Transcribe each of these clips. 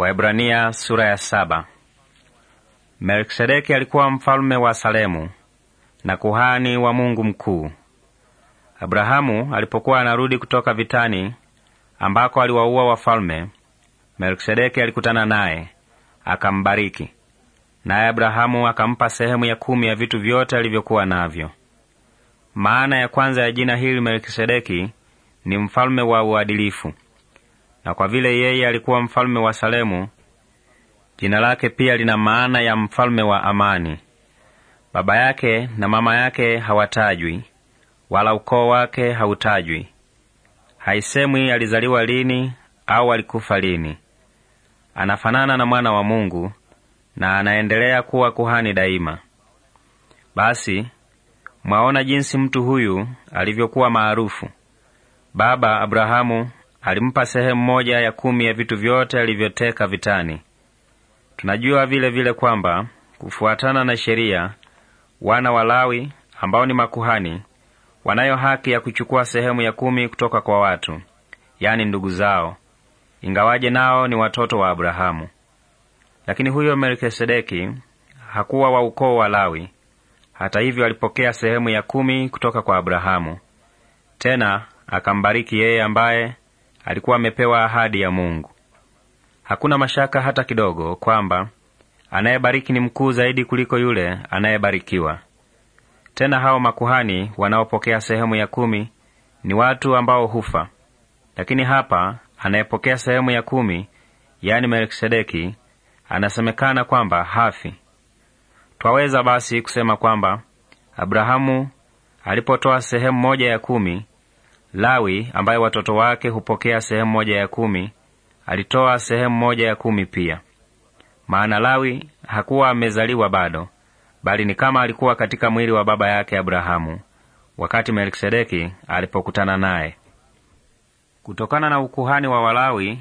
Waebrania sura ya saba. Melkisedeki alikuwa mfalume wa Salemu na kuhani wa Mungu mkuu. Abrahamu alipokuwa anarudi kutoka vitani ambako aliwaua wafalume Melkisedeki alikutana naye akambariki, naye Abrahamu akampa sehemu ya kumi ya vitu vyote alivyokuwa navyo. Maana ya kwanza ya jina hili Melkisedeki ni mfalume wa uadilifu na kwa vile yeye alikuwa mfalme wa Salemu, jina lake pia lina maana ya mfalme wa amani. Baba yake na mama yake hawatajwi, wala ukoo wake hautajwi. Haisemwi alizaliwa lini au alikufa lini. Anafanana na mwana wa Mungu na anaendelea kuwa kuhani daima. Basi mwaona jinsi mtu huyu alivyokuwa maarufu. Baba Abrahamu alimpa sehemu moja ya kumi ya vitu vyote alivyoteka vitani. Tunajua vile vile kwamba kufuatana na sheria, wana wa Lawi ambao ni makuhani wanayo haki ya kuchukua sehemu ya kumi kutoka kwa watu, yaani ndugu zao, ingawaje nao ni watoto wa Abrahamu. Lakini huyo Melkisedeki hakuwa wa ukoo wa Lawi. Hata hivyo, alipokea sehemu ya kumi kutoka kwa Abrahamu, tena akambariki yeye ambaye alikuwa amepewa ahadi ya Mungu. Hakuna mashaka hata kidogo kwamba anayebariki ni mkuu zaidi kuliko yule anayebarikiwa. Tena hao makuhani wanaopokea sehemu ya kumi ni watu ambao hufa, lakini hapa anayepokea sehemu ya kumi, yaani Melkisedeki, anasemekana kwamba hafi. Twaweza basi kusema kwamba Abrahamu alipotoa sehemu moja ya kumi Lawi ambaye watoto wake hupokea sehemu moja ya kumi alitoa sehemu moja ya kumi pia, maana Lawi hakuwa amezaliwa bado, bali ni kama alikuwa katika mwili wa baba yake Abrahamu wakati Melkisedeki alipokutana naye. Kutokana na ukuhani wa Walawi,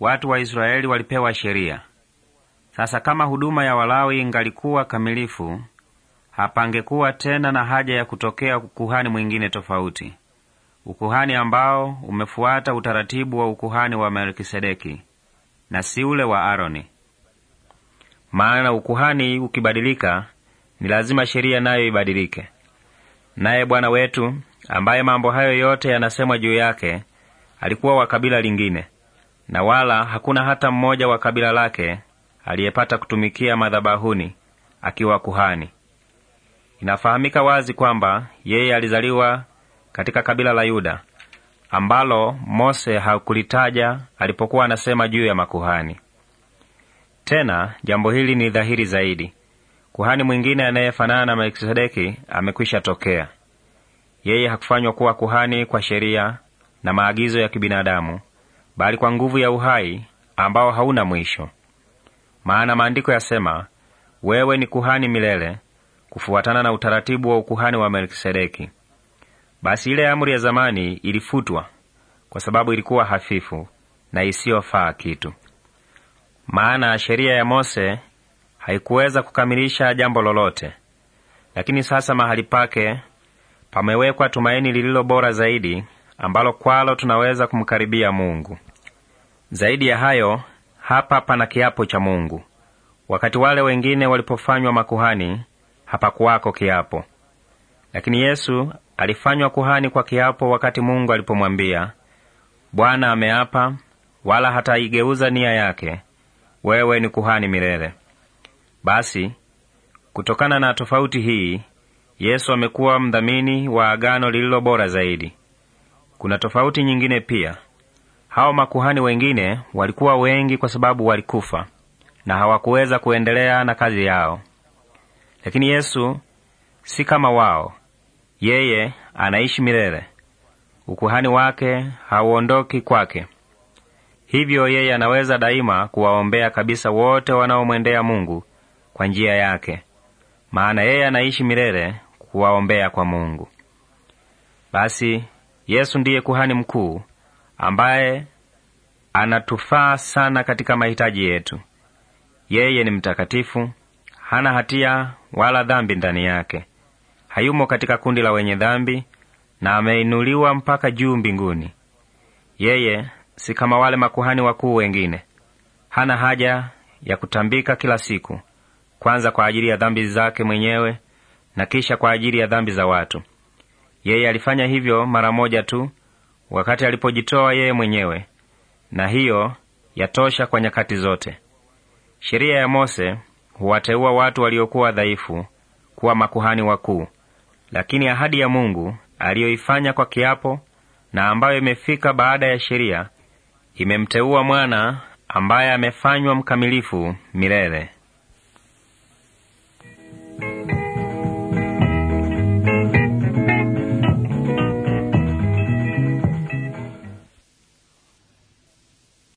watu wa Israeli walipewa sheria. Sasa kama huduma ya Walawi ingalikuwa kamilifu, hapangekuwa tena na haja ya kutokea kuhani mwingine tofauti ukuhani ambao umefuata utaratibu wa ukuhani wa Melkisedeki na si ule wa Aroni. Maana ukuhani ukibadilika, ni lazima sheria nayo ibadilike. Naye Bwana wetu ambaye mambo hayo yote yanasemwa juu yake alikuwa wa kabila lingine, na wala hakuna hata mmoja wa kabila lake aliyepata kutumikia madhabahuni akiwa kuhani. Inafahamika wazi kwamba yeye alizaliwa katika kabila la Yuda ambalo Mose hakulitaja alipokuwa anasema juu ya makuhani. Tena jambo hili ni dhahiri zaidi. Kuhani mwingine anayefanana na Melkisedeki amekwisha tokea. Yeye hakufanywa kuwa kuhani kwa sheria na maagizo ya kibinadamu, bali kwa nguvu ya uhai ambao hauna mwisho. Maana maandiko yasema, wewe ni kuhani milele, kufuatana na utaratibu wa ukuhani wa Melkisedeki. Basi ile amri ya zamani ilifutwa kwa sababu ilikuwa hafifu na isiyofaa kitu. Maana sheria ya Mose haikuweza kukamilisha jambo lolote, lakini sasa mahali pake pamewekwa tumaini lililo bora zaidi, ambalo kwalo tunaweza kumkaribia Mungu. Zaidi ya hayo, hapa pana kiapo cha Mungu. Wakati wale wengine walipofanywa makuhani, hapakuwako kiapo. Lakini Yesu alifanywa kuhani kwa kiapo wakati Mungu alipomwambia, Bwana ameapa wala hataigeuza nia yake, wewe ni kuhani milele. Basi kutokana na tofauti hii, Yesu amekuwa mdhamini wa agano lililo bora zaidi. Kuna tofauti nyingine pia. Hao makuhani wengine walikuwa wengi kwa sababu walikufa na hawakuweza kuendelea na kazi yao, lakini Yesu si kama wao. Yeye anaishi milele, ukuhani wake hauondoki kwake. Hivyo yeye anaweza daima kuwaombea kabisa wote wanaomwendea Mungu kwa njia yake, maana yeye anaishi milele kuwaombea kwa Mungu. Basi Yesu ndiye kuhani mkuu ambaye anatufaa sana katika mahitaji yetu. Yeye ni mtakatifu, hana hatia wala dhambi ndani yake hayumo katika kundi la wenye dhambi na ameinuliwa mpaka juu mbinguni. Yeye si kama wale makuhani wakuu wengine, hana haja ya kutambika kila siku, kwanza kwa ajili ya dhambi zake mwenyewe na kisha kwa ajili ya dhambi za watu. Yeye alifanya hivyo mara moja tu wakati alipojitoa yeye mwenyewe, na hiyo yatosha kwa nyakati zote. Sheria ya Mose huwateua watu waliokuwa dhaifu kuwa makuhani wakuu. Lakini ahadi ya Mungu aliyoifanya kwa kiapo na ambayo imefika baada ya sheria imemteua mwana ambaye amefanywa mkamilifu milele.